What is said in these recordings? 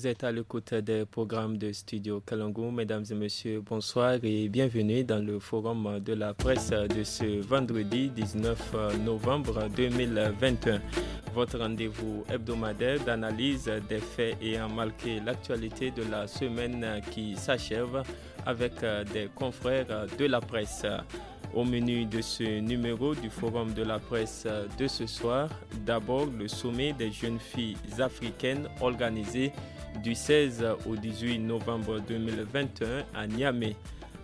vous êtes à l'écoute des programmes de Studio Kalangu. Mesdames et messieurs, bonsoir et bienvenue dans le forum de la presse de ce vendredi 19 euh, novembre 2021. Votre rendez-vous hebdomadaire d'analyse des faits et ayant marqué l'actualité de la semaine qui s'achève avec euh, des confrères de la presse. Au menu de ce numéro du Forum de la presse de ce soir, d'abord le sommet des jeunes filles africaines organisé du 16 au 18 novembre 2021 à Niamey.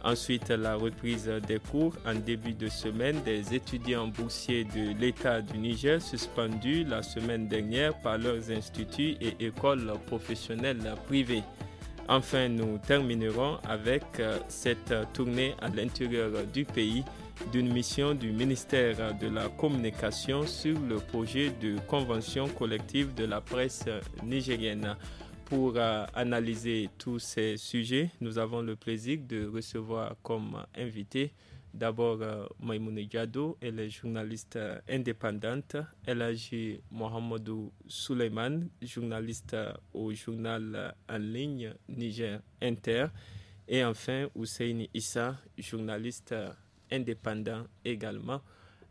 Ensuite, la reprise des cours en début de semaine des étudiants boursiers de l'État du Niger suspendus la semaine dernière par leurs instituts et écoles professionnelles privées. Enfin, nous terminerons avec euh, cette euh, tournée à l'intérieur du pays d'une mission du ministère de la Communication sur le projet de convention collective de la presse nigérienne. Pour euh, analyser tous ces sujets, nous avons le plaisir de recevoir comme invité D'abord, euh, Maïmoune Diado, elle est journaliste euh, indépendante. Elle agit Mohamedou Suleiman, journaliste euh, au journal en ligne Niger Inter. Et enfin, Hussein Issa, journaliste indépendant également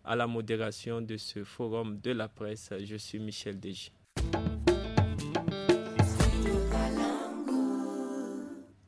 à la modération de ce forum de la presse. Je suis Michel Deji.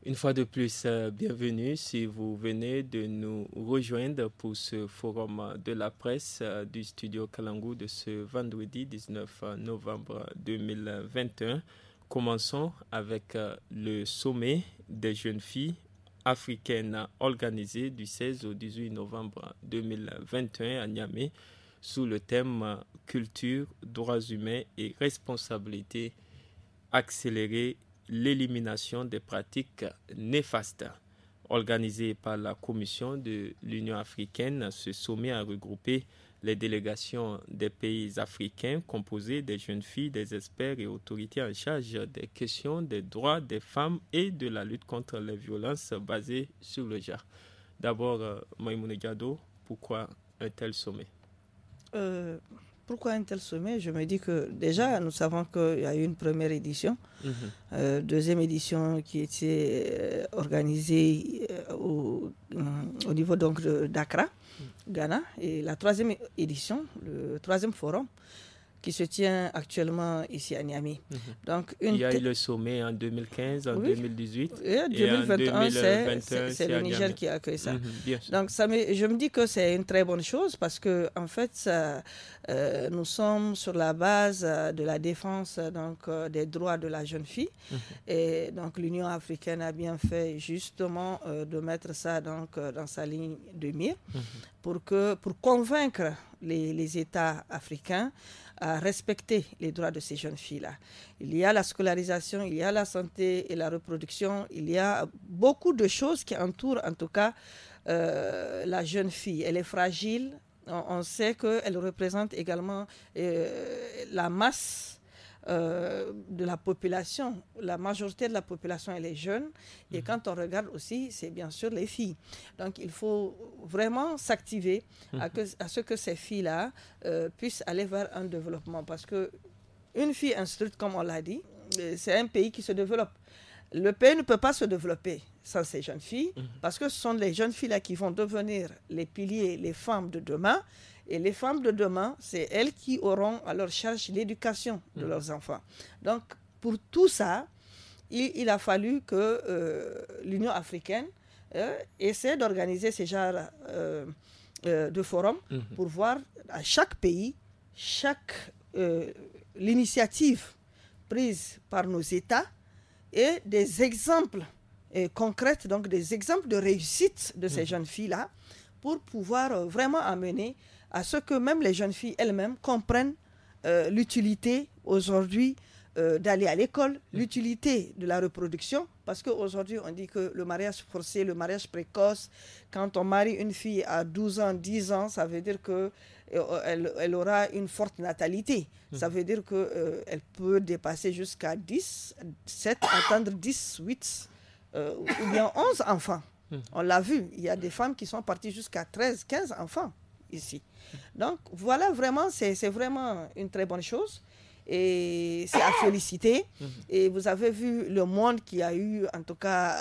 Une fois de plus, euh, bienvenue si vous venez de nous rejoindre pour ce forum de la presse euh, du studio Kalangou de ce vendredi 19 euh, novembre 2021. Commençons avec le sommet des jeunes filles africaines organisé du 16 au 18 novembre 2021 à Niamey sous le thème Culture, droits humains et responsabilité accélérée l'élimination des pratiques néfastes. Organisé par la Commission de l'Union africaine, ce sommet a regroupé les délégations des pays africains composées des jeunes filles, des experts et autorités en charge des questions des droits des femmes et de la lutte contre les violences basées sur le genre. D'abord, euh, Maïmoune Gado, pourquoi un tel sommet euh, pourquoi un tel sommet Je me dis que déjà, nous savons qu'il y a eu une première édition, mhm. euh, deuxième édition qui était euh, organisée euh, au, niveau donc d'Accra, mhm. Ghana, et la troisième édition, le troisième forum qui se tient actuellement ici à Niamey. Mhm. Donc une Il y a eu le sommet en 2015, en 2018. Et en 2021, c'est le Niger qui a accueilli ça. Mhm, donc ça je me dis que c'est une très bonne chose parce que en fait, ça, euh, nous sommes sur la base euh, de la défense euh, donc, des droits de la jeune fille. Mhm. Et donc l'Union africaine a bien fait justement de mettre ça donc, dans sa ligne de mire pour, que, pour convaincre les, les États africains à respecter les droits de ces jeunes filles-là. Il y a la scolarisation, il y a la santé et la reproduction, il y a beaucoup de choses qui entourent en tout cas euh, la jeune fille. Elle est fragile, on, sait sait qu'elle représente également euh, la masse euh, de la population. La majorité de la population, elle est jeune. Et mhm. quand on regarde aussi, c'est bien sûr les filles. Donc, il faut vraiment s'activer à, mhm. ce que ces filles-là euh, puissent aller vers un développement. Parce que une fille instruite, comme on l'a dit, euh, c'est un pays qui se développe. Le pays ne peut pas se développer sans ces jeunes filles, mhm. parce que ce sont les jeunes filles-là qui vont devenir les piliers, les femmes de demain. Et les femmes de demain, c'est elles qui auront à leur charge l'éducation de mm. leurs enfants. Donc, pour tout ça, il, a fallu que euh, l'Union africaine euh, essaie d'organiser ce genre euh, de forums mm-hmm. pour voir à chaque pays, chaque l'initiative prise par nos États et des exemples concrets, donc des exemples de réussite de ces mm-hmm. jeunes filles-là, pour pouvoir vraiment amener à ce que même les jeunes filles elles-mêmes comprennent euh, l'utilité aujourd'hui euh, d'aller à l'école, mm. l'utilité de la reproduction, parce qu'aujourd'hui on dit que le mariage forcé, le mariage précoce, quand on marie une fille à 12 ans, 10 ans, ça veut dire que euh, elle, aura une forte natalité. Mm. Ça veut dire qu'elle peut dépasser jusqu'à 10, 7, atteindre 10, 8 ou bien 11 enfants. Mm. On l'a vu, il y a des femmes qui sont parties jusqu'à 13, 15 enfants ici. Donc voilà, vraiment, c'est vraiment une très bonne chose. Et c'est à féliciter. Mhm. Et vous avez vu le monde qui a eu, en tout cas,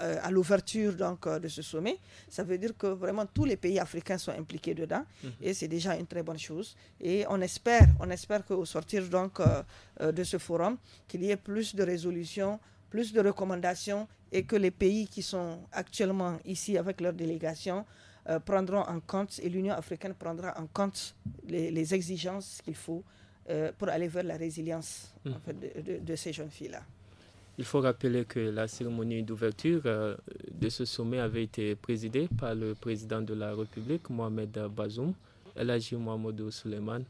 euh, à l'ouverture donc euh, de ce sommet. Ça veut dire que vraiment tous les pays africains sont impliqués dedans. Mhm. Et c'est déjà une très bonne chose. Et on espère, on espère qu'au sortir donc euh, de ce forum, qu'il y ait plus de résolutions plus de recommandations et que les pays qui sont actuellement ici avec leur délégation euh, prendront en compte et l'Union africaine prendra en compte les, exigences qu'il faut euh, pour aller vers la résilience mhm. de, ces jeunes filles-là. Il faut rappeler que la cérémonie d'ouverture euh, de ce sommet avait été présidée par le président de la République, Mohamed Bazoum, l'agir Mohamedou Suleiman.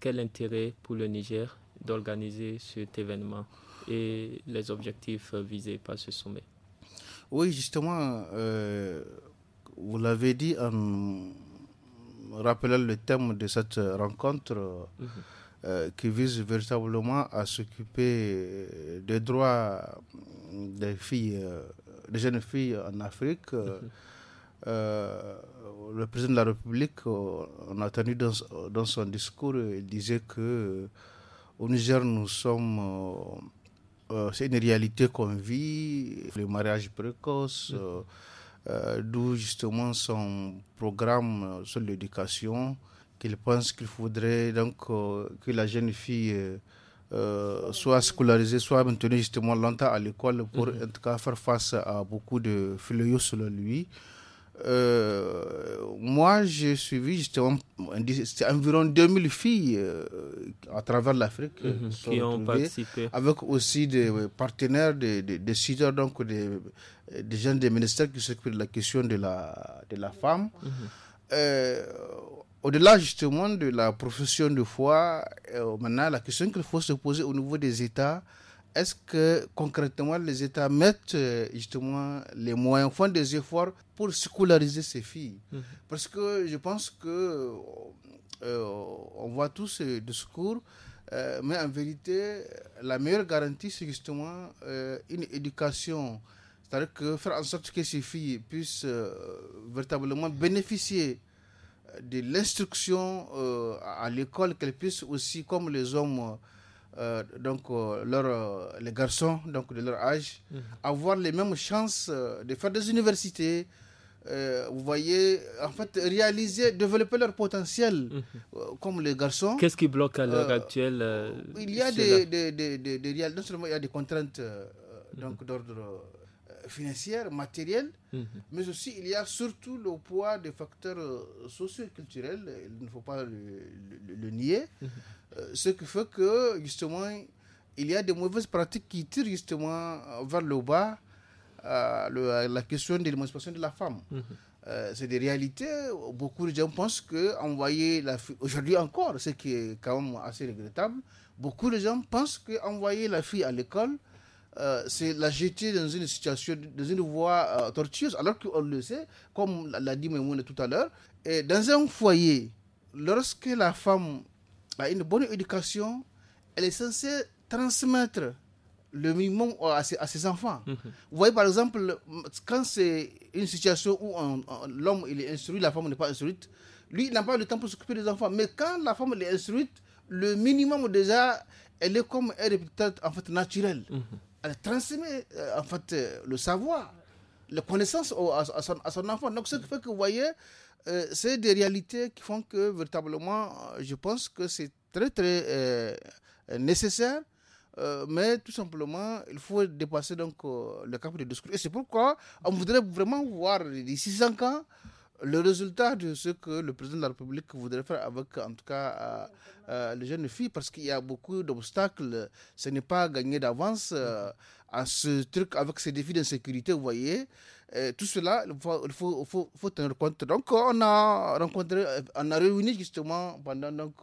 Quel intérêt pour le Niger d'organiser cet événement et les objectifs visés par ce sommet Oui, justement, vous l'avez dit en euh, rappelant le thème de cette rencontre euh, mhm. euh, qui vise véritablement à s'occuper des droits des filles, des jeunes filles en Afrique. Mhm. le président de la République, on a entendu dans, son discours, il disait que au Niger, nous sommes. c'est une réalité qu'on vit, le mariage précoce. Mhm. Euh, d'où justement son programme euh, sur l'éducation, qu'il pense qu'il faudrait donc euh, que la jeune fille soit scolarisée, soit maintenue justement longtemps à l'école pour mhm. en tout cas faire face à beaucoup de fléaux selon lui. moi, j'ai suivi justement environ 2000 filles à travers l'Afrique mhm. euh, qui ont participé. Avec aussi des euh, partenaires, des, décideurs des donc des, euh, des gens des ministères qui s'occupent de la question de la, de la femme. Mhm. Au-delà justement de la profession de foi, maintenant la question qu'il faut se poser au niveau des États, est-ce que concrètement les États mettent justement les moyens, font des efforts pour scolariser ces filles mhm. Parce que je pense que euh, on voit tous ces discours, euh, mais en vérité, la meilleure garantie, c'est justement euh, une éducation. C'est-à-dire que faire en sorte que ces filles puissent véritablement bénéficier de l'instruction à l'école, qu'elles puissent aussi, comme les hommes, donc les garçons donc de leur âge, mhm. avoir les mêmes chances de faire des universités, euh, vous voyez, en fait, réaliser, développer leur potentiel mhm. euh, comme les garçons. Qu'est-ce qui bloque à l'heure euh, actuelle Il y a des, des, non seulement il y a des contraintes mhm. donc d'ordre financier, matériel, mhm. mais aussi il y a surtout le poids des facteurs sociaux culturels. il ne faut pas le, nier, ce qui fait que justement il y a des mauvaises pratiques qui tirent justement vers le bas euh, la question de l'émancipation de la femme. Mhm. Euh, c'est des réalités. Beaucoup de gens pensent que envoyer la fille, aujourd'hui encore, ce qui est quand même assez regrettable, beaucoup de gens pensent que envoyer la fille à l'école, euh, c'est la jeter dans une situation, dans une voie tortueuse, alors qu'on le sait, comme l'a dit Mémoune tout à l'heure, et dans un foyer, lorsque la femme a une bonne éducation, elle est censée transmettre le minimum euh, à ses, à ses enfants. Mhm. Vous voyez, par exemple, quand c'est une situation où l'homme il est instruit, la femme n'est pas instruite, lui, il n'a pas le temps pour s'occuper des enfants. Mais quand la femme est instruite, le minimum déjà, elle est comme elle est peut en fait naturelle. Mhm. Elle transmet euh, en fait euh, le savoir, la connaissance à, son, enfant. Donc, ce qui fait que vous voyez, c'est des réalités qui font que véritablement, je pense que c'est très très nécessaire euh, mais tout simplement, il faut dépasser donc euh, le cap de discours. Et c'est pourquoi on voudrait vraiment voir d'ici 5 ans le résultat de ce que le président de la République voudrait faire avec, en tout cas, euh, les jeunes filles, parce qu'il y a beaucoup d'obstacles. Ce n'est pas gagné d'avance à ce truc avec ces défis d'insécurité, vous voyez. tout cela, il faut, faut, faut tenir compte. Donc, on a rencontré, on a réuni justement pendant donc.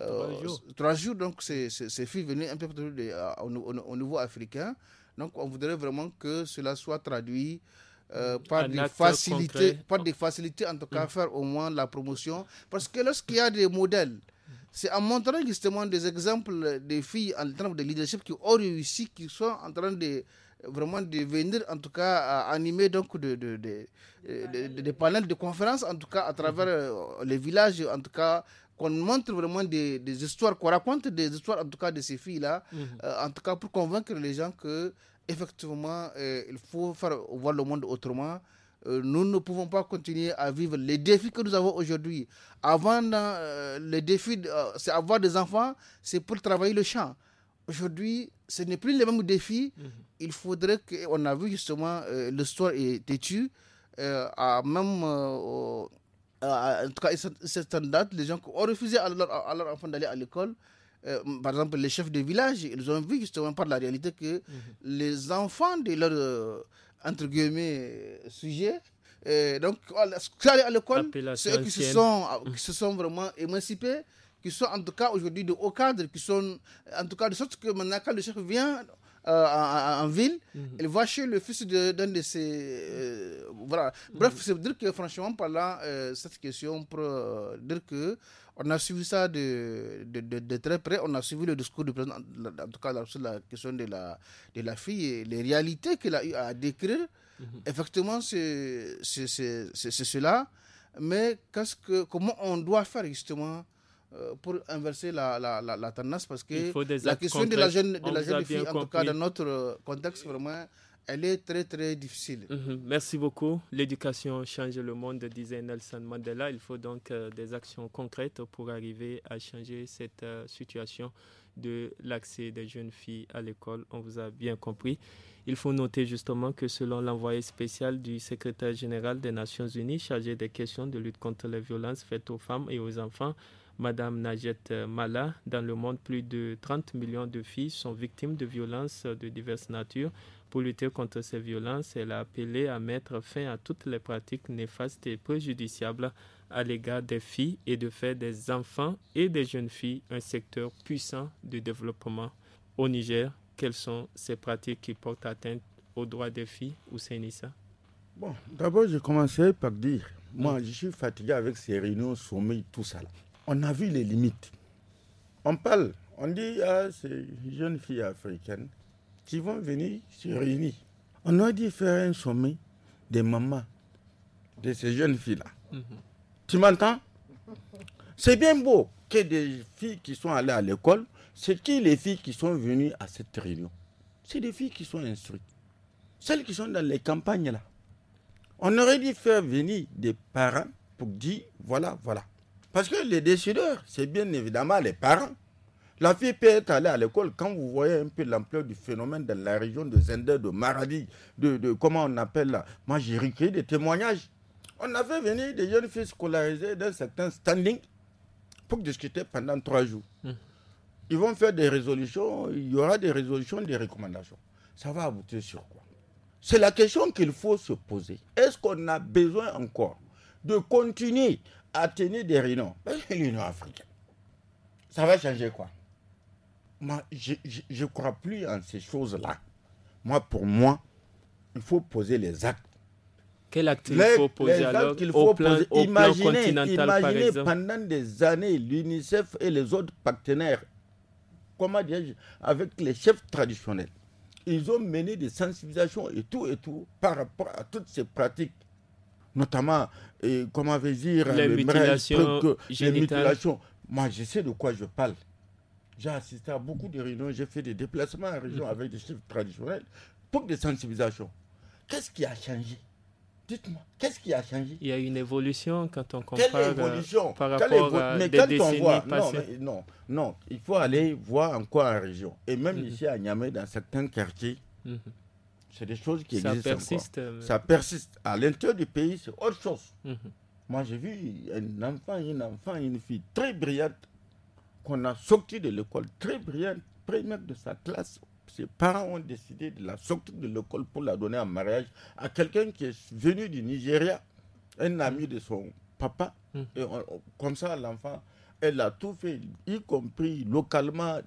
Euh, jours. trois jours. Donc, ces filles venaient un peu de, euh, au, nouveau niveau africain. Donc, on voudrait vraiment que cela soit traduit. Euh, par, des facilités, par des facilités, en tout cas, mm. faire au moins la promotion. Parce que lorsqu'il y a des modèles, c'est en montrant justement des exemples des filles en termes de leadership qui ont réussi, qui sont en train de, vraiment de venir en tout cas animer donc des de, de, panels de conférences en tout cas à travers mm-hmm. les villages en tout cas qu'on montre vraiment des, histoires, qu'on raconte des histoires, en tout cas de ces filles-là, mhm. euh, en tout cas pour convaincre les gens que effectivement, euh, il faut faire voir le monde autrement. Euh, nous ne pouvons pas continuer à vivre les défis que nous avons aujourd'hui. Avant, le défi, c'est avoir des enfants, c'est pour travailler le champ. Aujourd'hui, ce n'est plus les mêmes défis. Mhm. Il faudrait qu'on a vu justement l'histoire est têtue, à même euh, en tout cas, certaines dates, les gens ont refusé à leur, à d'aller à l'école. Euh, par exemple, les chefs de village, ils ont vu justement par la réalité que mhm. les enfants de leur, euh, entre guillemets, sujet, donc, aller à l'école, ceux qui se, sont, mhm. qui se sont vraiment émancipés, qui sont en tout cas aujourd'hui de haut cadre, qui sont en tout cas de sorte que maintenant, quand le chef vient, euh, en, ville, mhm. elle va chez le fils d'un de, ses. Euh, voilà. Mhm. Bref, c'est dire que franchement, par là, euh, cette question pour dire que on a suivi ça de, de, très près, on a suivi le discours du président, en tout cas sur la question de la, de la fille et les réalités qu'elle a eu à décrire. Mhm. Effectivement, c'est cela. Mais qu'est-ce que, comment on doit faire justement euh, pour inverser la, la, tendance parce que la question de la jeune, de la jeune fille, en tout cas dans notre euh, contexte, vraiment, elle est très très difficile. Mhm. merci beaucoup. L'éducation change le monde, disait Nelson Mandela. Il faut donc euh, des actions concrètes pour arriver à changer cette situation de l'accès des jeunes filles à l'école. On vous a bien compris. Il faut noter justement que selon l'envoyé spécial du secrétaire général des Nations Unies chargé des questions de lutte contre les violences faites aux femmes et aux enfants, Madame Najet Mala. Dans le monde, plus de 30 millions de filles sont victimes de violences de diverses natures. Pour lutter contre ces violences, elle a appelé à mettre fin à toutes les pratiques néfastes et préjudiciables à l'égard des filles et de faire des enfants et des jeunes filles un secteur puissant de développement. Au Niger, quelles sont ces pratiques qui portent atteinte aux droits des filles ou Nissa Bon, d'abord, je commencerai par dire, moi, je suis fatigué avec ces réunions, sommets, tout ça on a vu les limites. On parle, on dit à ah, ces jeunes filles africaines qui vont venir se réunir. On aurait dû faire un sommet des mamans de ces jeunes filles-là. Mhm. Tu m'entends C'est bien beau que des filles qui sont allées à l'école, c'est qui les filles qui sont venues à cette réunion C'est des filles qui sont instruites. Celles qui sont dans les campagnes là. On aurait dû faire venir des parents pour dire voilà, voilà. Parce que les décideurs, c'est bien évidemment les parents. La fille peut être allée à l'école. Quand vous voyez un peu l'ampleur du phénomène dans la région de Zender, de Maradi, de, comment on appelle là, moi j'ai recueilli des témoignages. On avait venu des jeunes filles scolarisées d'un certain standing pour discuter pendant trois jours. Hmm. Ils vont faire des résolutions, il y aura des résolutions, des recommandations. Ça va aboutir sur quoi C'est la question qu'il faut se poser. Est-ce qu'on a besoin encore de continuer à tenir des réunions, l'Union africaine, ça va changer quoi Moi, je ne crois plus en ces choses-là. Moi, pour moi, il faut poser les actes. Quel acte il faut poser imaginez, imaginez pendant des années, l'UNICEF et les autres partenaires, comment dire, avec les chefs traditionnels, ils ont mené des sensibilisations et tout et tout par rapport à toutes ces pratiques notamment, comment vais dire, les, mutilations, Moi, je sais de quoi je parle. J'ai assisté à beaucoup de réunions, j'ai fait des déplacements en région mhm. avec des chefs traditionnels pour des sensibilisations. Qu'est-ce qui a changé Dites-moi, qu'est-ce qui a changé Il y a une évolution quand on compare euh, par rapport à des décennies passées. Non, non, non, il faut aller voir encore en région. Et même mhm. ici à Niamey, dans certains quartiers, mhm c'est des choses qui ça Persiste, euh, Ça persiste. À l'intérieur du pays, c'est autre chose. Mhm. Moi, j'ai vu un enfant, une enfant, une fille très brillante qu'on a sortie de l'école, très brillante, première de sa classe. Ses parents ont décidé de la sortir de l'école pour la donner en mariage à quelqu'un qui est venu du Nigeria, un mhm. ami de son papa. Mhm. comme ça, l'enfant, elle a tout fait, y compris localement.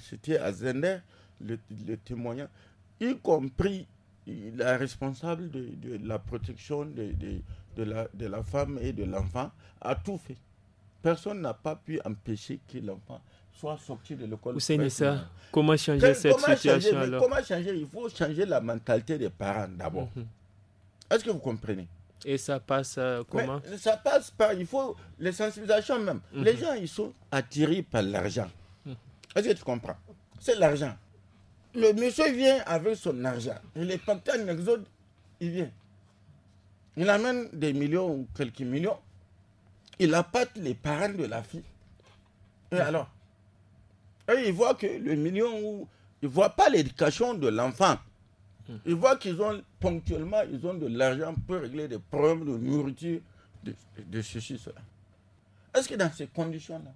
C'était à Zender, le, le y compris la responsable de, la protection de, la, femme et de l'enfant, a tout fait. Personne n'a pas pu empêcher que l'enfant soit sorti de l'école. ça comment changer cette comment situation changer, alors Comment changer Il faut changer la mentalité des parents d'abord. Mhm. Est-ce que vous comprenez Et ça passe euh, comment Ça passe par, il faut les sensibilisations même. Les mhm. gens, ils sont attirés par l'argent. Mhm. Est-ce que tu comprends C'est l'argent. Le monsieur vient avec son argent. Il est parti en exode, il vient. Il amène des millions ou quelques millions. Il apporte les parents de la fille. Et hmm. alors Et il voit que le million, il ne voit pas l'éducation de l'enfant. Hmm. Il voit qu'ils ont ponctuellement, ils ont de l'argent pour régler des problèmes de nourriture, de, de ceci, cela. Est-ce que dans ces conditions-là,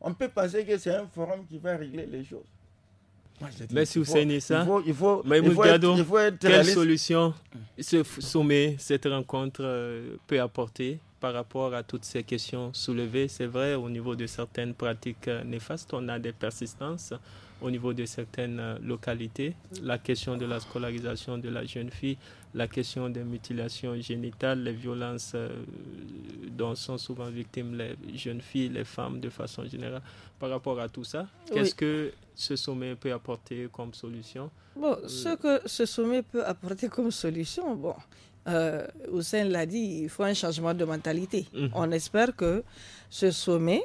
on peut penser que c'est un forum qui va régler les choses mais Merci Hussein ça, Il faut, quelle solution ce sommet, cette rencontre euh, peut apporter par rapport à toutes ces questions soulevées. C'est vrai, au niveau de certaines pratiques euh, néfastes, on a des persistances. Au niveau de certaines euh, localités, la question de la scolarisation de la jeune fille, la question des mutilations génitales, les violences euh, dont sont souvent victimes les jeunes filles, les femmes de façon générale. Par rapport à tout ça, qu'est-ce que ce sommet peut apporter comme solution ce que ce sommet peut apporter comme solution, bon, euh, l'a dit, il faut un changement de mentalité. Mhm. On espère que ce sommet,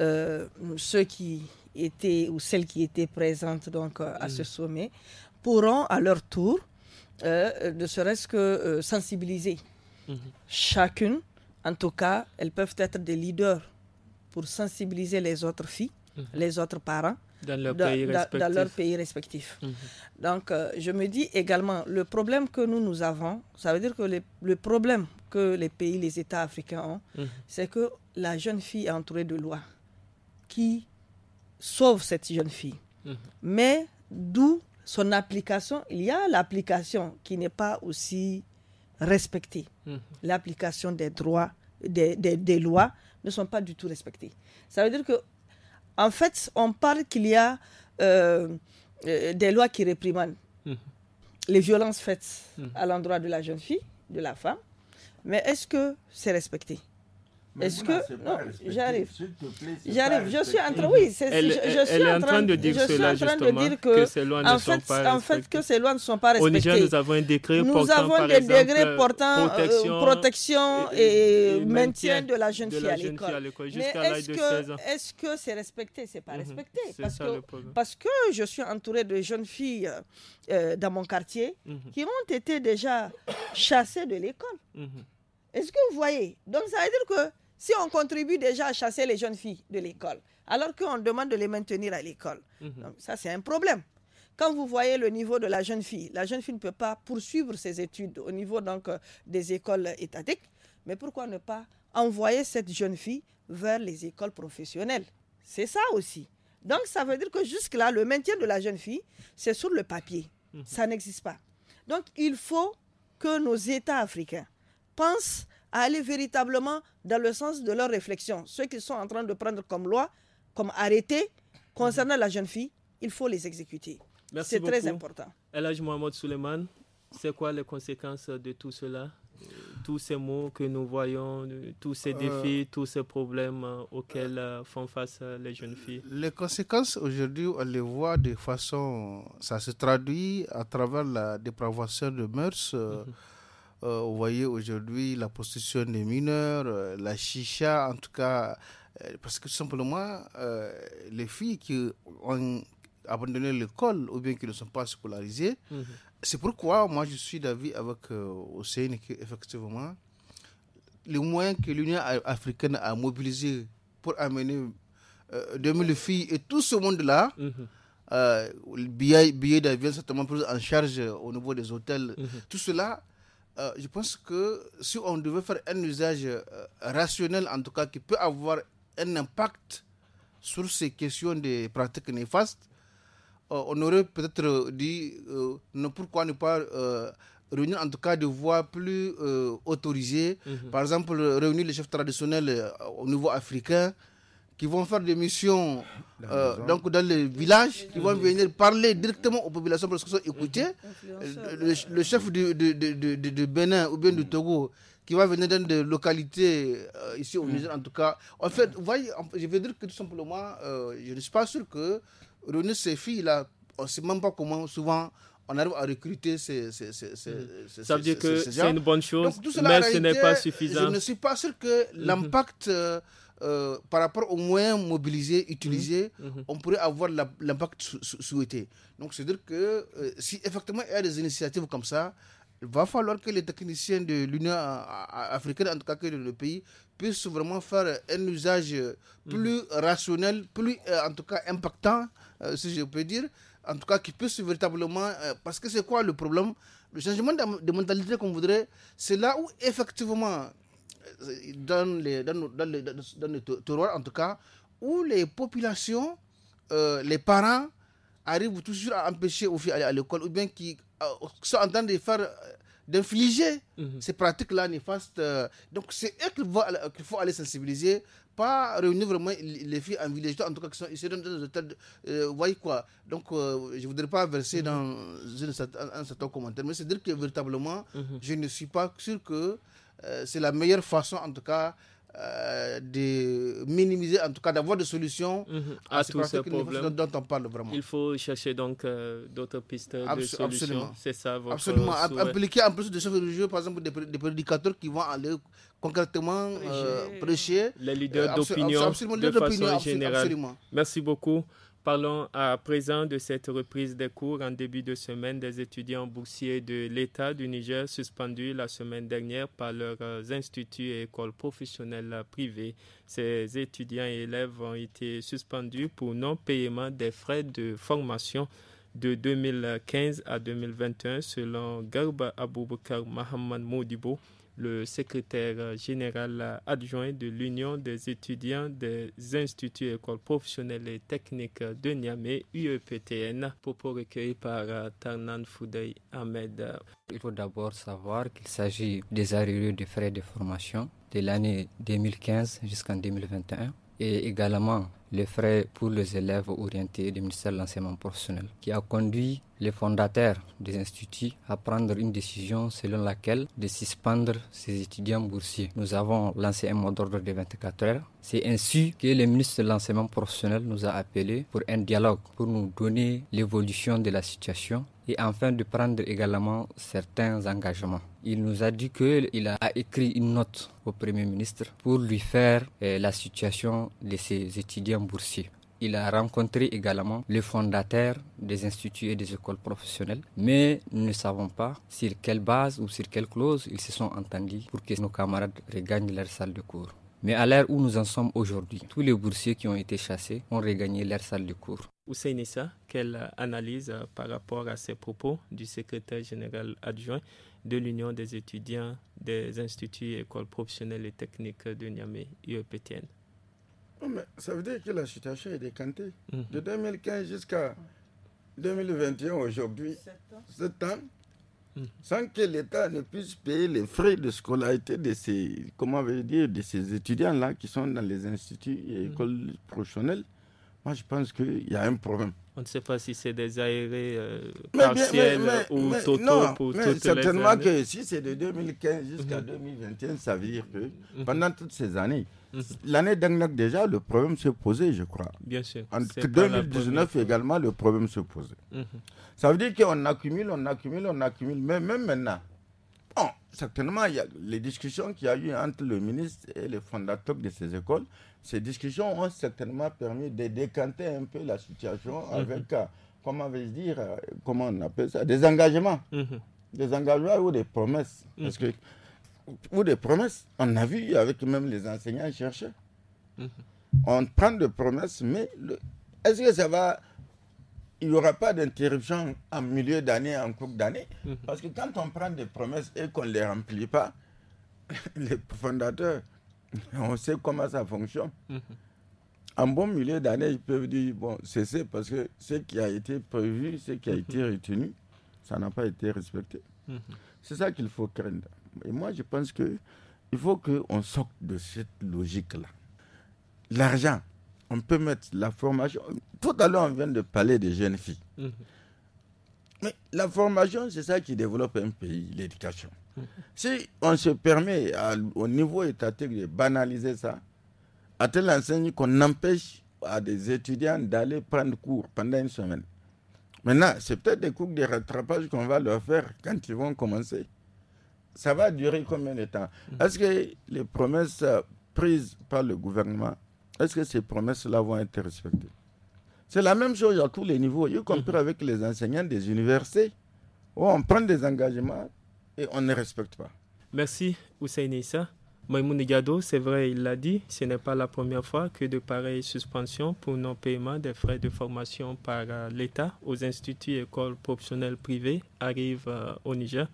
euh, ceux qui étaient ou celles qui étaient présentes donc euh, à ce mhm. sommet, pourront à leur tour, euh, ne serait-ce que sensibiliser. Mhm. Chacune, en tout cas, elles peuvent être des leaders pour sensibiliser les autres filles, les autres parents dans, leur pays respectif. leurs pays, respectifs. Donc, euh, je me dis également, le problème que nous, nous avons, ça veut dire que le problème que les pays, les États africains ont, mhm. c'est que la jeune fille est entourée de lois qui sauvent cette jeune fille. Mhm. Mais d'où son application, il y a l'application qui n'est pas aussi respectée. Mhm. L'application des droits, des, des lois ne sont pas du tout respectées. Ça veut dire que en fait, on parle qu'il y a euh, euh, des lois qui réprimandent mmh. les violences faites mmh. à l'endroit de la jeune fille, de la femme, mais est-ce que c'est respecté est-ce que. Non, j'arrive. J'arrive. Je suis en train. Oui, elle, je, en train de dire cela, justement, que, ces lois ne sont pas en fait, que ne sont pas respectées. nous avons un décret portant. des exemple, décrets euh, portant euh, protection, et, maintien de la jeune fille à l'école. Mais est-ce que, est-ce que c'est respecté C'est pas mhm. respecté. parce, que, parce que je suis entourée de jeunes filles euh, dans mon quartier mhm. qui ont été déjà chassées de l'école. Mhm. Est-ce que vous voyez Donc ça veut dire que si on contribue déjà à chasser les jeunes filles de l'école, alors qu'on demande de les maintenir à l'école, mhm. ça c'est un problème. Quand vous voyez le niveau de la jeune fille, la jeune fille ne peut pas poursuivre ses études au niveau donc euh, des écoles étatiques, mais pourquoi ne pas envoyer cette jeune fille vers les écoles professionnelles C'est ça aussi. Donc ça veut dire que jusque-là, le maintien de la jeune fille, c'est sur le papier. Mhm. Ça n'existe pas. Donc il faut que nos États africains pensent à aller véritablement dans le sens de leur réflexion. Ceux qu'ils sont en train de prendre comme loi, comme arrêté, concernant la jeune fille, il faut les exécuter. C'est très important. Elhaj Mohamed Souleymane, c'est quoi les conséquences de tout cela tous ces mots que nous voyons, tous ces euh, défis, tous ces problèmes euh, auxquels euh, font face les jeunes filles Les conséquences aujourd'hui, on les voit de façon. Ça se traduit à travers la dépravation de mœurs. Mhm. Euh, vous voyez aujourd'hui la prostitution des mineurs, euh, la chicha, en tout cas, euh, parce que tout simplement, les filles qui ont abandonné l'école ou bien qui ne sont pas scolarisées, mhm. c'est pourquoi moi je suis d'avis avec que qu'effectivement, les moyens que l'Union africaine a mobilisés pour amener 2000 filles et tout ce monde-là, mhm. le billet billets, d'avion certainement plus en charge au niveau des hôtels. Mhm. Tout cela, euh, je pense que si on devait faire un usage euh, rationnel, en tout cas, qui peut avoir un impact sur ces questions des pratiques néfastes, euh, on aurait peut-être dit pourquoi ne pas réunir en tout cas des voix plus autorisées, mm-hmm. par exemple réunir les chefs traditionnels au niveau africain, qui vont faire des missions dans, euh, donc dans les villages, qui vont venir parler directement aux populations parce qu'ils sont écoutés. Le, chef de Bénin ou bien du mm. Togo qui va venir dans des localités euh, ici au mm. Niger en tout cas. En fait, voyez, je veux dire que tout simplement, euh, je ne suis pas sûr que René, ces filles-là, on ne sait même pas comment souvent on arrive à recruter ces, ces, mm. Ça veut dire que c'est une bonne chose, mais ce n'est pas suffisant. Je ne suis pas sûr que mm-hmm. l'impact... Euh, par rapport aux moyens mobilisés, utilisés, mmh, mmh, mmh. on pourrait avoir l'impact souhaité. Donc, c'est-à-dire que euh, si effectivement il y a des initiatives comme ça, il va falloir que les techniciens de l'Union africaine, en tout cas que le pays, puissent vraiment faire un usage plus rationnel, plus euh, en tout cas impactant, si je peux dire, en tout cas qui puisse véritablement... parce que c'est quoi le problème Le changement de, de mentalité qu'on voudrait, c'est là où effectivement dans les, donne, terroirs, en tout cas, où les populations, euh, les parents arrivent toujours à empêcher aux filles d'aller à l'école ou bien qui euh, sont en train de faire euh, d'infliger mhm. ces pratiques-là néfastes. Donc, c'est eux qu'il faut, aller sensibiliser, pas réunir vraiment les filles en village, en tout cas, qui sont ici dans des hôtels. vous voyez quoi Donc, je ne voudrais pas verser mhm. dans un, certain commentaire, mais c'est dire que véritablement, mhm. je ne suis pas sûr que euh, c'est la meilleure façon, en tout cas, euh, de minimiser, en tout cas d'avoir des solutions mhm. à, tous ces problèmes dont on parle vraiment. Il faut chercher donc euh, d'autres pistes de solutions. Absolument. C'est ça votre Absolument. appliquer Impliquer en plus de chefs religieux, par exemple des, prédicateurs qui vont aller concrètement prêcher. Euh, prêcher. Les leaders d'opinion de façon générale. Absolument. Merci beaucoup. Parlons à présent de cette reprise des cours en début de semaine des étudiants boursiers de l'État du Niger suspendus la semaine dernière par leurs instituts et écoles professionnelles privées. Ces étudiants et élèves ont été suspendus pour non-paiement des frais de formation de 2015 à 2021 selon Garba Aboubakar Mohamed Modibo, le secrétaire général adjoint de l'Union des étudiants des instituts écoles professionnelles et techniques de Niamey, UEPTN, propos recueilli par euh, Tarnan Foudei Ahmed. Il faut d'abord savoir qu'il s'agit des arriérés de frais de formation de l'année 2015 jusqu'en 2021 et également les frais pour les élèves orientés du ministère de l'enseignement professionnel, qui a conduit les fondateurs des instituts à prendre une décision selon laquelle de suspendre ces étudiants boursiers. Nous avons lancé un mot d'ordre de 24 heures. C'est ainsi que le ministre de l'enseignement professionnel nous a appelés pour un dialogue, pour nous donner l'évolution de la situation et enfin de prendre également certains engagements il nous a dit qu'il a écrit une note au Premier ministre pour lui faire eh, la situation de ses étudiants boursiers. Il a rencontré également les fondateurs des instituts et des écoles professionnelles, mais nous ne savons pas sur quelle base ou sur quelle clause ils se sont entendus pour que nos camarades regagnent leur salle de cours. Mais à l'heure où nous en sommes aujourd'hui, tous les boursiers qui ont été chassés ont regagné leur salle de cours. Ousseinissa, quelle analyse euh, par rapport à ces propos du secrétaire général adjoint de l'Union des étudiants des instituts et écoles professionnelles et techniques de Niamey, UEPTN. ça veut dire que la situation est décantée. Mhm. De 2015 jusqu'à 2021, aujourd'hui, sept ans, mhm. sans que l'État ne puisse payer les frais de scolarité de ces, comment dire, de ces étudiants-là qui sont dans les instituts et mhm. écoles professionnelles. Moi, je pense qu'il y a un problème. On ne sait pas si c'est des aérés partiels ou totaux mais certainement que si c'est de 2015 jusqu'à 2021, ça veut dire que mhm. pendant toutes ces années, mhm. l'année dernière déjà, le problème se posait, je crois. Bien sûr. En 2019 également, le problème se posait. Mhm. Ça veut dire qu'on accumule, on accumule, on accumule, mais même maintenant, certainement, les discussions qu'il y a eu entre le ministre et les fondateurs de ces écoles, ces discussions ont certainement permis de décanter un peu la situation mhm. avec, euh, comment vais-je dire, euh, comment on appelle ça, des engagements. Mhm. Des engagements ou des promesses. Mhm. que, ou des promesses, on a vu avec même les enseignants chercheurs. On prend des promesses, mais est-ce que ça va il n'y aura pas d'interruption en milieu d'année, en cours d'année. Mhm. Parce que quand on prend des promesses et qu'on ne les remplit pas, les fondateurs, on sait comment ça fonctionne. Mhm. En bon milieu d'année, ils peuvent dire, bon, cest parce que ce qui a été prévu, ce qui a mhm. été retenu, ça n'a pas été respecté. C'est ça qu'il faut craindre. Et moi, je pense qu'il faut qu'on sorte de cette logique-là. L'argent, on peut mettre la formation. Tout à l'heure, on vient de parler des jeunes filles. Mm-hmm. Mais la formation, c'est ça qui développe un pays, l'éducation. Mm-hmm. Si on se permet au niveau étatique de banaliser ça, à tel enseigne qu'on empêche à des étudiants d'aller prendre cours pendant une semaine. Maintenant, c'est peut-être des cours de rattrapage qu'on va leur faire quand ils vont commencer. Ça va durer combien de temps mm-hmm. Est-ce que les promesses euh, prises par le gouvernement est-ce que ces promesses-là vont être respectées C'est la même chose à tous les niveaux, y compris mm-hmm. avec les enseignants des universités, où on prend des engagements et on ne respecte pas. Merci, Hussein Issa. Maïmoun Gado, c'est vrai, il l'a dit, ce n'est pas la première fois que de pareilles suspensions pour non-paiement des frais de formation par euh, l'État aux instituts et écoles professionnelles privées arrivent euh, au Niger.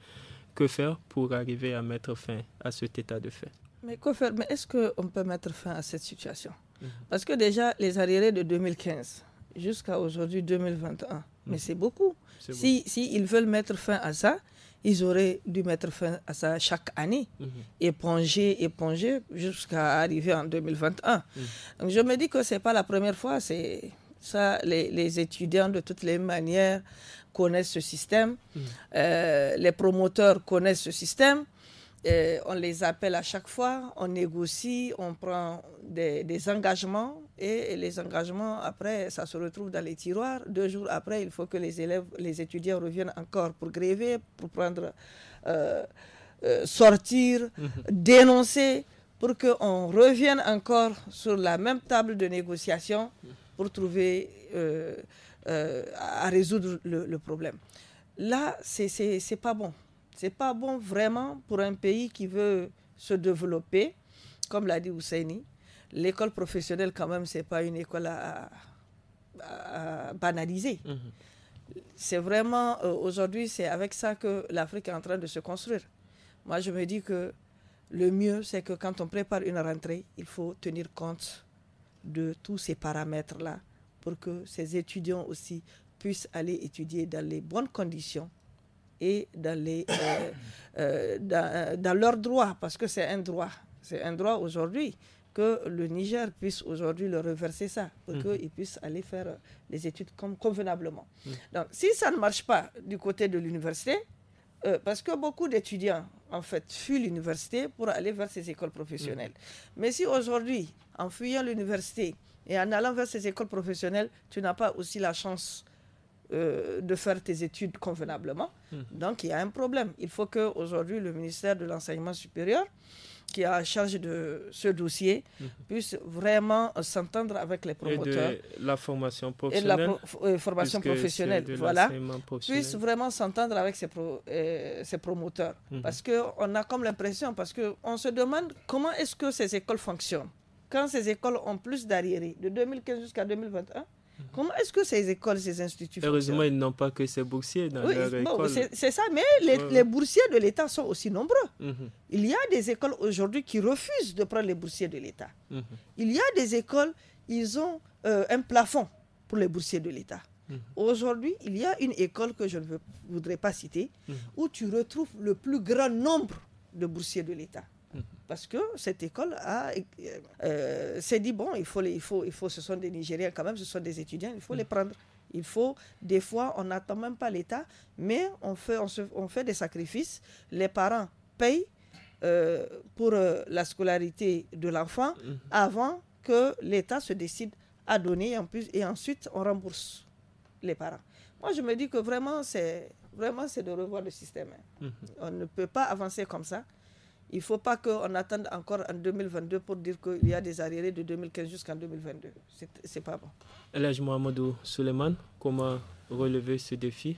Que faire pour arriver à mettre fin à cet état de fait Mais, mais est-ce qu'on peut mettre fin à cette situation Mhm. Parce que déjà, les arriérés de 2015 jusqu'à aujourd'hui 2021, mais mhm. c'est beaucoup. Si, si, ils veulent mettre fin à ça, ils auraient dû mettre fin à ça chaque année, mhm. éponger, éponger, jusqu'à arriver en 2021. Donc je me dis que ce n'est pas la première fois, c'est ça, les, étudiants de toutes les manières connaissent ce système, euh, les promoteurs connaissent ce système, euh, on les appelle à chaque fois, on négocie, on prend des, engagements et, les engagements, après, ça se retrouve dans les tiroirs. Deux jours après, il faut que les élèves, les étudiants reviennent encore pour gréver, pour prendre, euh, euh, sortir, mhm. dénoncer, pour qu'on revienne encore sur la même table de négociation pour trouver à résoudre le, problème. Là, c'est pas bon. Ce n'est pas bon vraiment pour un pays qui veut se développer, comme l'a dit Ousseini. L'école professionnelle, quand même, ce n'est pas une école à, banaliser. Mhm. C'est vraiment, euh, aujourd'hui, c'est avec ça que l'Afrique est en train de se construire. Moi, je me dis que le mieux, c'est que quand on prépare une rentrée, il faut tenir compte de tous ces paramètres-là pour que ces étudiants aussi puissent aller étudier dans les bonnes conditions et euh, euh, dans, dans, leurs droits, parce que c'est un droit. C'est un droit aujourd'hui que le Niger puisse aujourd'hui le reverser ça, pour mhm. qu'ils puissent aller faire euh, les études comme, convenablement. Mhm. Donc, si ça ne marche pas du côté de l'université, parce que beaucoup d'étudiants, en fait, fuient l'université pour aller vers ces écoles professionnelles. Mhm. Mais si aujourd'hui, en fuyant l'université et en allant vers ces écoles professionnelles, tu n'as pas aussi la chance euh, de faire tes études convenablement. Hmm. Donc il y a un problème. Il faut que aujourd'hui le ministère de l'enseignement supérieur, qui a charge de ce dossier, hmm. puisse vraiment euh, s'entendre avec les promoteurs. Et de la formation professionnelle. Et la euh, formation professionnelle, voilà. Puisse vraiment s'entendre avec ses, promoteurs. Hmm. Parce Parce qu'on a comme l'impression, parce qu'on se demande comment est-ce que ces écoles fonctionnent. Quand ces écoles ont plus d'arriérés, de 2015 jusqu'à 2021, Mhm. Comment est-ce que ces écoles, ces instituts Heureusement, ils n'ont pas que ces boursiers dans oui, leur C'est ça, mais les, boursiers de l'État sont aussi nombreux. Mhm. Il y a des écoles aujourd'hui qui refusent de prendre les boursiers de l'État. Mhm. Il y a des écoles, ils ont euh, un plafond pour les boursiers de l'État. Aujourd'hui, il y a une école que je ne voudrais pas citer où tu retrouves le plus grand nombre de boursiers de l'État parce que cette école a, euh, s'est dit bon, il faut, les, il faut, il faut, ce sont des Nigériens quand même, ce sont des étudiants, il faut les prendre. Il faut, des fois, on n'attend même pas l'État, mais on fait, on, on fait des sacrifices. Les parents payent euh, pour euh, la scolarité de l'enfant mhm. avant que l'État se décide à donner en plus, et ensuite on rembourse les parents. Moi, je me dis que vraiment, c'est vraiment c'est de revoir le système. Hein. Mhm. On ne peut pas avancer comme ça. Il ne faut pas qu'on attende encore en 2022 pour dire qu'il y a des arriérés de 2015 jusqu'en 2022. Ce n'est pas bon. Elhaj Mohamedou Suleiman, comment relever ce défi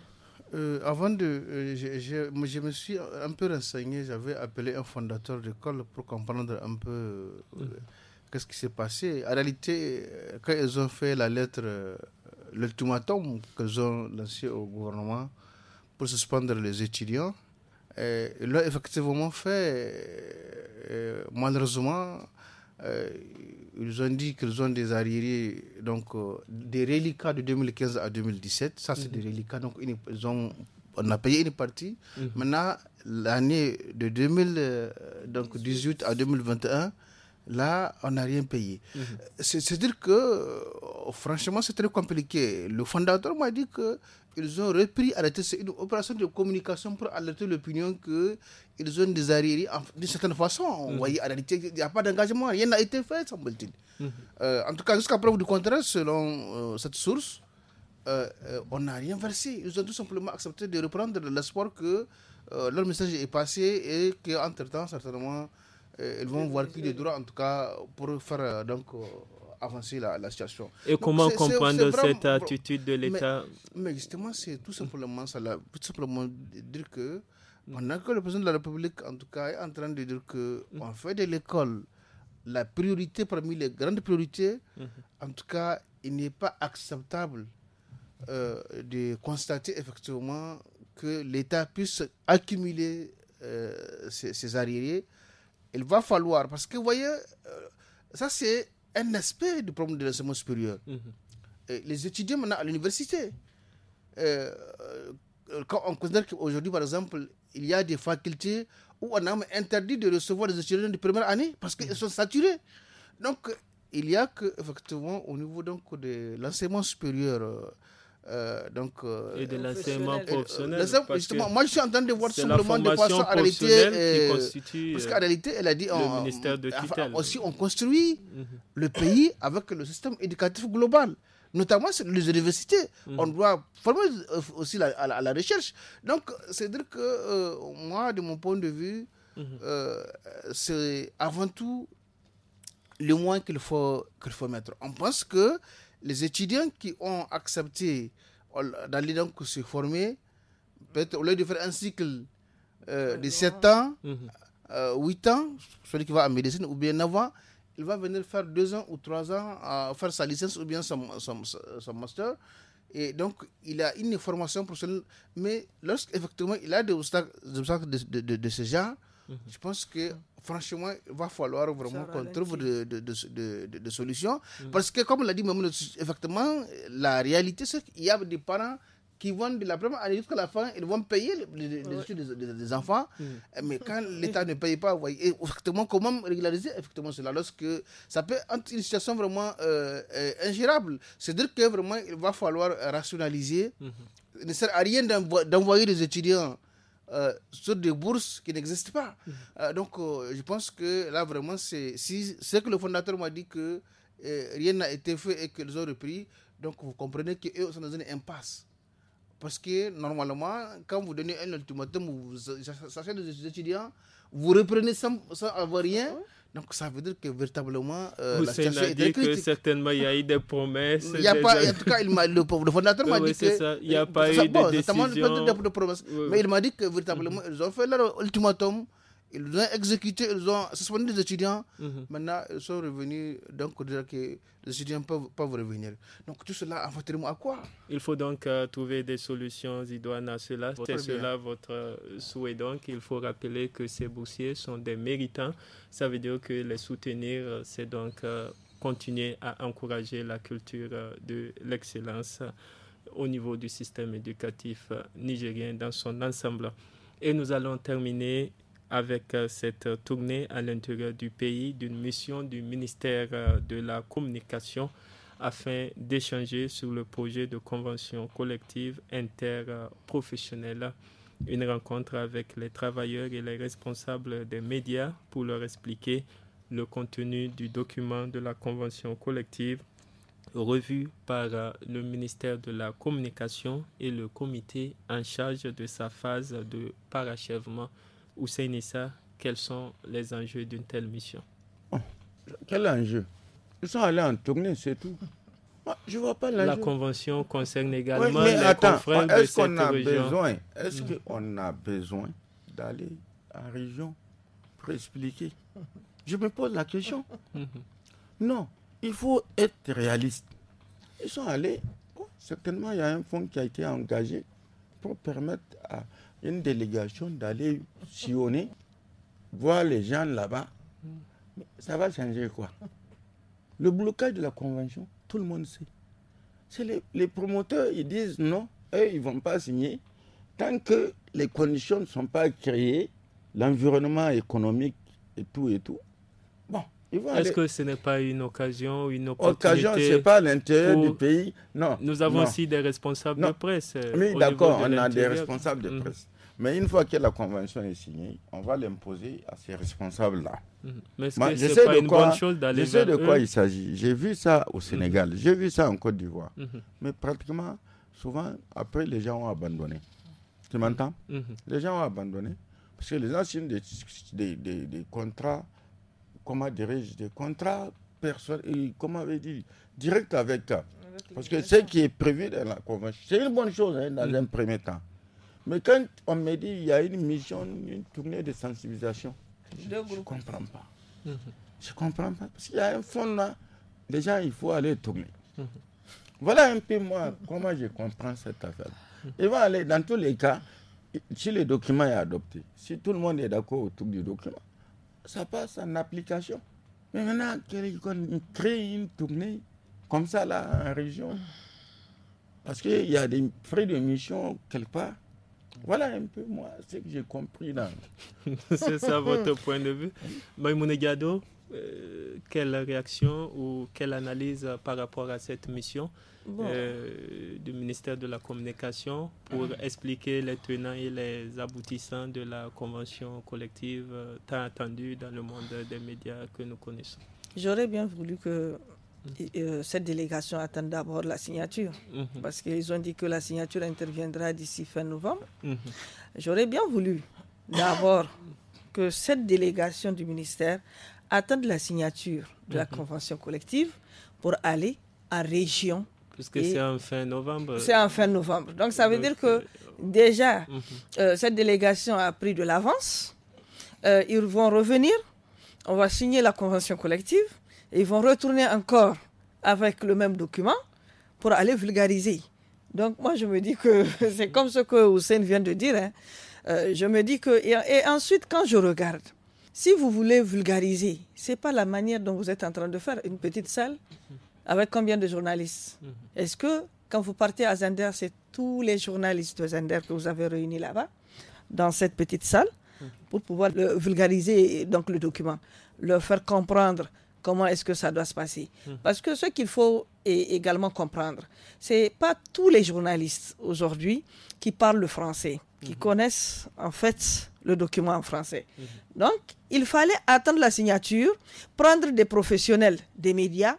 euh, avant de. Euh, je, me suis un peu renseigné, j'avais appelé un fondateur d'école pour comprendre un peu euh, mm. qu'est-ce qui s'est passé. En réalité, quand ils ont fait la lettre, l'ultimatum qu'ils ont lancé au gouvernement pour suspendre les étudiants, ils euh, l'ont effectivement fait. Euh, euh, malheureusement, ils ont dit qu'ils ont des arriérés, donc des reliquats de 2015 à 2017. Ça, c'est des mhm. reliquats. Donc, ils on a payé une partie. Mhm. Maintenant, l'année de 2018 à 2021, là, on n'a rien payé. Mhm. C'est-à-dire que, franchement, c'est très compliqué. Le fondateur m'a dit que ils ont repris, arrêté. C'est une opération de communication pour alerter l'opinion qu'ils ont des arriérés. D'une certaine façon, on mhm. voyait en réalité, il n'y a pas d'engagement, rien n'a été fait, semble-t-il. Mhm. Euh, en tout cas, jusqu'à preuve du contraire, selon euh, cette source, euh, on n'a rien versé. Ils ont tout simplement accepté de reprendre l'espoir que leur message est passé et qu'entre-temps, certainement, ils vont voir qui les droits, en tout cas, pour faire donc avancer la, situation. Et comment comprendre cette attitude de l'État mais, justement, c'est tout simplement ça, tout simplement dire que pendant que le président de la République, en tout cas, est en train de dire qu'on mm. fait de l'école la priorité parmi les grandes priorités, mm-hmm. en tout cas, il n'est pas acceptable euh, de constater effectivement que l'État puisse accumuler euh, ses, arriérés. Il va falloir, parce que vous voyez, euh, ça c'est un aspect du problème de l'enseignement supérieur. Mhm. Euh, les étudiants maintenant à l'université, euh, euh, quand on considère qu'aujourd'hui, par exemple, il y a des facultés où on a interdit de recevoir des étudiants de première année parce qu'ils mhm. sont saturés. Donc, il y a que, effectivement, au niveau donc, de l'enseignement supérieur, euh, donc, euh, et de l'enseignement euh, professionnel. justement, moi, je suis en train de voir simplement de façon en réalité. parce qu'en réalité, elle a dit. ministère de tutelle. Aussi, on construit mhm. le pays avec le système éducatif global notamment les universités. Mhm. On doit former aussi la, à, la, recherche. Donc, c'est dire que moi, de mon point de vue, mhm. c'est avant tout le moins qu'il faut, qu'il faut mettre. On pense que les étudiants qui ont accepté euh, d'aller donc se former, peut-être au lieu de faire un cycle euh, de 7 ans, 8 mhm. euh, ans, celui qui va en médecine ou bien avant, il va venir faire 2 ans ou 3 ans, à faire sa licence ou bien son, son, master. Et donc, il a une formation professionnelle. Mais lorsqu'effectivement, il a des obstacles, de, de, de, de, ce genre, Mm-hmm. je pense que franchement, il va falloir vraiment qu'on trouve de, solutions. Mm-hmm. Parce que, comme l'a dit Mamoun, effectivement, la réalité, c'est qu'il y a des parents qui vont de la première année jusqu'à la fin, ils vont payer les, études des, enfants. Mm-hmm. Mais quand l'État ne paye pas, voyez, effectivement, comment régulariser effectivement cela lorsque ça peut être une situation vraiment euh, euh, ingérable C'est-à-dire que vraiment, il va falloir rationaliser. Il ne sert à rien d'envoyer des étudiants sur des bourses qui n'existent pas. donc, je pense que là, vraiment, c'est si, que le fondateur m'a dit que rien n'a été fait et qu'ils ont repris. Donc, vous comprenez qu'eux sont dans une impasse. Parce que normalement, quand vous donnez un ultimatum, vous des étudiants, vous reprenez sans, avoir rien. Donc ça veut dire que véritablement euh, a dit que certainement il y a eu des promesses. en tout cas, le, fondateur m'a dit que ça. il n'y a euh, pas eu de, décision. promesses, Mais il m'a dit que véritablement mhm. ils ont fait leur ultimatum ils ont exécuté, ils ont suspendu les étudiants. Mhm. Maintenant, ils sont revenus, donc dire que les étudiants peuvent, pas revenir. Donc tout cela, en fait, à quoi Il faut donc euh, trouver des solutions idoines à cela. C'est cela votre euh, souhait. Donc, il faut rappeler que ces boursiers sont des méritants. Ça veut dire que les soutenir, euh, c'est donc continuer à encourager la culture de l'excellence au niveau du système éducatif nigérien dans son ensemble. Et nous allons terminer avec euh, cette euh, tournée à l'intérieur du pays d'une mission du ministère euh, de la Communication afin d'échanger sur le projet de convention collective interprofessionnelle. Une rencontre avec les travailleurs et les responsables des médias pour leur expliquer le contenu du document de la convention collective revu par le ministère de la Communication et le comité en charge de sa phase de parachèvement Hussein Issa, quels sont les enjeux d'une telle mission Quel enjeu Ils sont allés en tournée, c'est tout. je vois pas La convention concerne également les confrères de cette a Besoin, est-ce hmm. qu'on a besoin d'aller en région pour expliquer Je me pose la question. Hmm. Non, il faut être réaliste. Ils sont allés, oh, certainement il y a un fonds qui a été engagé pour permettre à, une délégation d'aller sillonner, voir les gens là-bas. Ça va changer quoi Le blocage de la convention, tout le monde sait. C'est les, promoteurs, ils disent non, eux, ils vont pas signer. Tant que les conditions ne sont pas créées, l'environnement économique et tout et tout. Bon, est-ce que ce n'est pas une occasion, une opportunité Occasion, ce n'est pas l'intérêt du pays. Non. Nous avons aussi des responsables de presse. Euh, oui, d'accord, on a des responsables de mm. presse. Mais une fois que la convention est signée, on va l'imposer à ces responsables-là. Mhm. Mais une bonne chose je sais de quoi, il s'agit. J'ai vu ça au mhm. Sénégal, j'ai vu ça en Côte d'Ivoire. Mhm. Mais pratiquement, souvent, après, les gens ont abandonné. Tu m'entends Les gens ont abandonné. Parce que les gens signent des, contrats, comment dirais-je, des contrats personnels, comment avait dit, direct avec. parce que ce qui est prévu dans la convention, c'est une bonne chose hein, dans un premier temps. Mais quand on me dit qu'il y a une mission, une tournée de sensibilisation, je ne comprends pas. Je ne comprends pas. Parce qu'il y a un fond là, déjà il faut aller tourner. Voilà un peu moi comment je comprends cette affaire. Il va aller, dans tous les cas, si le document est adopté, si tout le monde est d'accord autour du document, ça passe en application. Mais maintenant, qu'on crée une tournée comme ça là en région, parce qu'il y a des frais de mission quelque part, voilà un peu moi ce que j'ai compris là. C'est ça votre point de vue. Maïmoune Gado, euh, quelle réaction ou quelle analyse par rapport à cette mission euh, du ministère de la Communication pour mm. expliquer les tenants et les aboutissants de la convention collective euh, tant attendue dans le monde des médias que nous connaissons J'aurais bien voulu que euh, cette délégation attend d'abord la signature, mhm. parce qu'ils ont dit que la signature interviendra d'ici fin novembre. Mhm. J'aurais bien voulu d'abord que cette délégation du ministère attende la signature de la mhm. convention collective pour aller en région. Puisque c'est en fin novembre. C'est en fin novembre. Donc ça veut dire que euh, déjà, euh, cette délégation a pris de l'avance. ils vont revenir, on va signer la convention collective ils vont retourner encore avec le même document pour aller vulgariser. Donc moi, je me dis que c'est comme ce que Hussein vient de dire. Hein. Euh, je me dis que... Et, ensuite, quand je regarde, si vous voulez vulgariser, ce n'est pas la manière dont vous êtes en train de faire une petite salle avec combien de journalistes mhm. Est-ce que quand vous partez à Zender, c'est tous les journalistes de Zender que vous avez réunis là-bas, dans cette petite salle, mhm. pour pouvoir le vulgariser donc le document, le faire comprendre comment est-ce que ça doit se passer. Hmm. Parce que ce qu'il faut également comprendre, c'est pas tous les journalistes aujourd'hui qui parlent le français, qui hmm. connaissent en fait le document en français. Hmm. Donc, il fallait attendre la signature, prendre des professionnels des médias,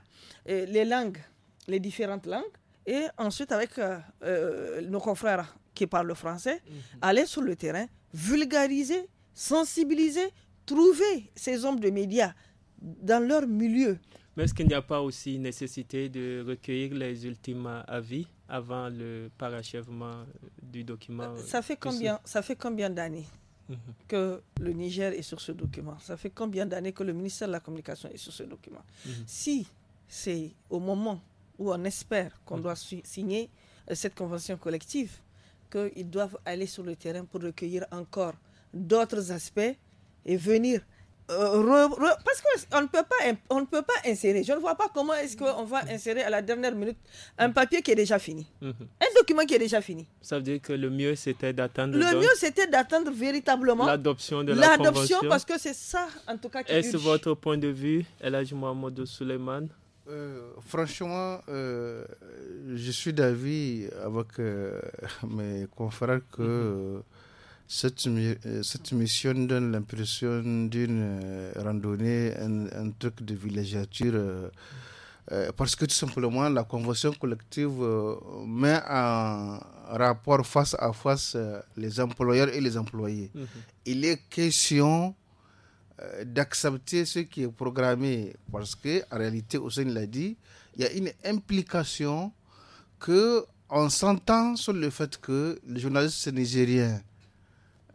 euh, les langues, les différentes langues, et ensuite avec euh, euh, nos confrères qui parlent le français, aller sur le terrain, vulgariser, sensibiliser, trouver ces hommes de médias dans leur milieu. Mais est-ce qu'il n'y a pas aussi nécessité de recueillir les ultimes avis avant le parachèvement du document euh, Ça fait combien, ça fait combien d'années mhm. que le Niger est sur ce document Ça fait combien d'années que le ministère de la Communication est sur ce document mhm. Si c'est au moment où on espère qu'on mhm. doit signer euh, cette convention collective, qu'ils doivent aller sur le terrain pour recueillir encore d'autres aspects et venir parce qu'on ne peut pas on ne peut pas insérer. Je ne vois pas comment est-ce qu'on va insérer à la dernière minute un papier qui est déjà fini, mhm. un document qui est déjà fini. Ça veut dire que le mieux c'était d'attendre. Le mieux c'était d'attendre véritablement l'adoption de la l'adoption parce que c'est ça en tout cas. qui Est-ce votre point de vue, Elhaj Mohamed Souleymane? Euh, franchement, euh, je suis d'avis avec euh, mes confrères que mhm. Cette, cette euh, mission donne l'impression d'une euh, randonnée, un, truc de villégiature. Euh, parce que tout simplement la convention collective met en rapport face à face les employeurs et les employés. Mhm. Il est question d'accepter ce qui est programmé parce que en réalité, Ossène l'a dit, il y a une implication que on s'entend sur le fait que le journaliste nigérien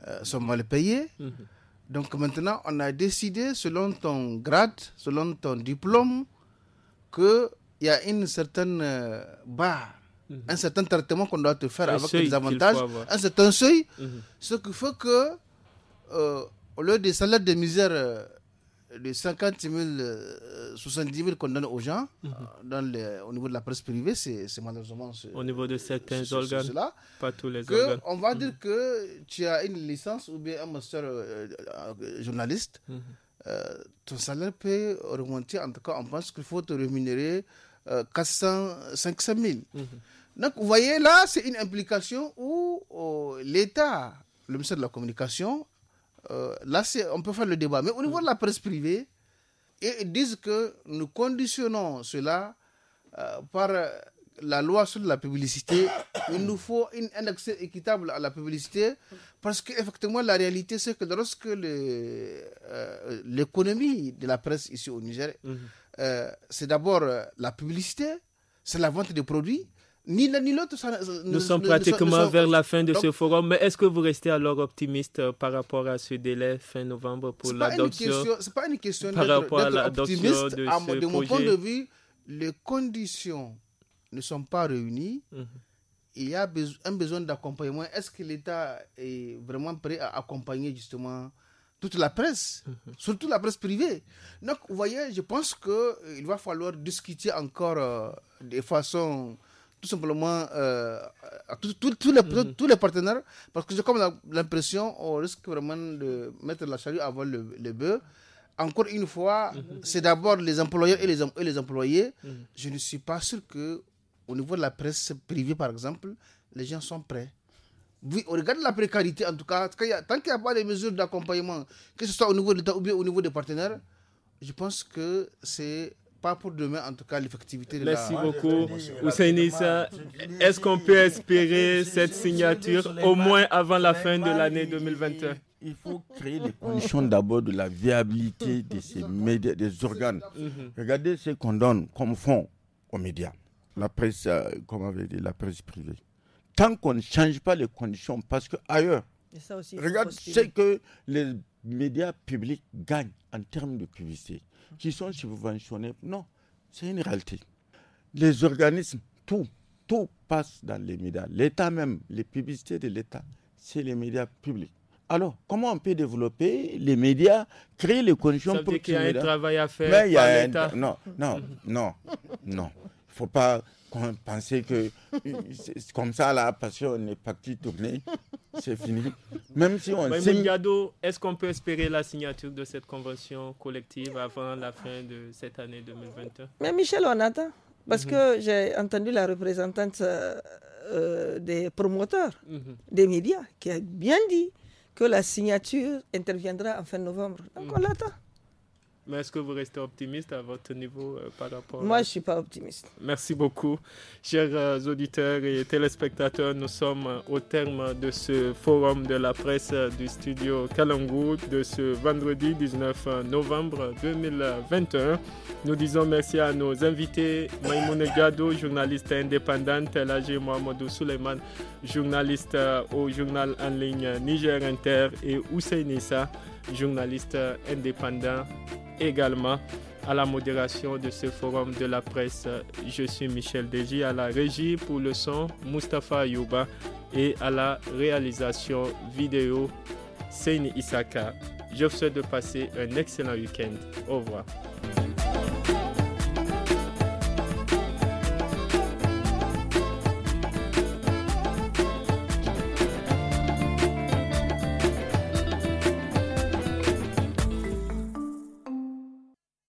euh, sont mal payés. Mm-hmm. Donc maintenant, on a décidé, selon ton grade, selon ton diplôme, qu'il y a une certaine euh, barre, mm-hmm. un certain traitement qu'on doit te faire avec des avantages, un certain seuil, mm-hmm. ce qui fait que, euh, au lieu des salaires de misère les 50 000, 70 000 qu'on donne aux gens euh, mhm. dans les, au niveau de la presse privée, c'est malheureusement. au niveau de certains organes. pas tous les organes. On va mhm. dire que tu as une licence ou bien un master euh, euh, journaliste. Mhm. ton salaire peut remonter En tout cas, on pense qu'il faut te rémunérer 400, 500 000. Donc, vous voyez, là, c'est une implication où l'État, le ministère de la Communication, euh, là, on peut faire le débat. Mais au niveau de la presse privée, ils disent que nous conditionnons cela euh, par euh, la loi sur la publicité. Il nous faut une, un accès équitable à la publicité parce qu'effectivement, la réalité, c'est que lorsque l'économie de la presse ici au Niger, mhm. c'est d'abord la publicité, c'est la vente de produits, nous sommes pratiquement vers la fin de ce forum, mais est-ce que vous restez alors optimiste euh, par rapport à ce délai fin novembre pour l'adoption n'est pas une question par rapport à optimiste. De, ce projet. de mon point de vue, les conditions ne sont pas réunies. Mhm. Il y a un besoin d'accompagnement. Est-ce que l'État est vraiment prêt à accompagner justement toute la presse, mhm. surtout la presse privée. Donc, vous voyez, je pense qu'il euh, va falloir discuter encore euh, des de façon tout simplement euh, à tous les, mhm. les, partenaires, parce que j'ai comme l'impression on risque vraiment de mettre la charrue avant le, bœuf. Encore une fois, mhm. c'est d'abord les employeurs et les, les employés. Mhm. Je ne suis pas sûr que au niveau de la presse privée, par exemple, les gens sont prêts. Oui, on regarde la précarité, en tout cas, tant qu'il n'y a pas de mesures d'accompagnement, que ce soit au niveau de l'État ou bien au niveau des partenaires, je pense que c'est pas pour demain, en tout cas, l'effectivité de Merci la... beaucoup, Est-ce qu'on peut espérer cette signature au moins avant la fin de l'année 2021 il faut créer les conditions d'abord de la viabilité de ces médias, des organes. Mhm. Regardez ce qu'on donne comme fonds aux médias, la presse, euh, comme la presse privée. Tant qu'on ne change pas les conditions, parce que ailleurs, regarde ce que les médias publics gagnent en termes de publicité, qui sont subventionnés. Non, c'est une réalité. Les organismes, tout, tout passe dans les médias. L'État même, les publicités de l'État, c'est les médias publics. Alors, comment on peut développer les médias, créer les conditions pour qu'il y a un travail à faire Mais il un... Non, non, non, non. Il ne faut pas penser que euh, c'est comme ça, la parce qu'on pas qui tourner, c'est fini. Même si on est-ce qu'on peut espérer la signature de cette convention collective avant la fin de cette année 2021 Mais Michel, on attend. Parce mhm. que j'ai entendu la représentante euh, euh, des promoteurs, mhm. des médias, qui a bien dit que la signature interviendra en fin novembre. Donc mhm. on l'attend. Mais est-ce que vous restez optimiste à votre niveau euh, par rapport Moi, je ne suis pas optimiste. Merci beaucoup. Chers euh, auditeurs et téléspectateurs, nous sommes euh, au terme de ce forum de la presse du studio Kalangou de ce vendredi 19 novembre 2021. Nous disons merci à nos invités, Maïmoune Gado, journaliste indépendante, l'AG Mohamedou Suleiman, journaliste au journal en ligne Niger Inter et Hussein journaliste indépendant également à la modération de ce forum de la presse. Je suis Michel Deji à la régie pour le son Moustapha Yuba et à la réalisation vidéo Seine Isaka. Je vous souhaite de passer un excellent week-end. Au revoir.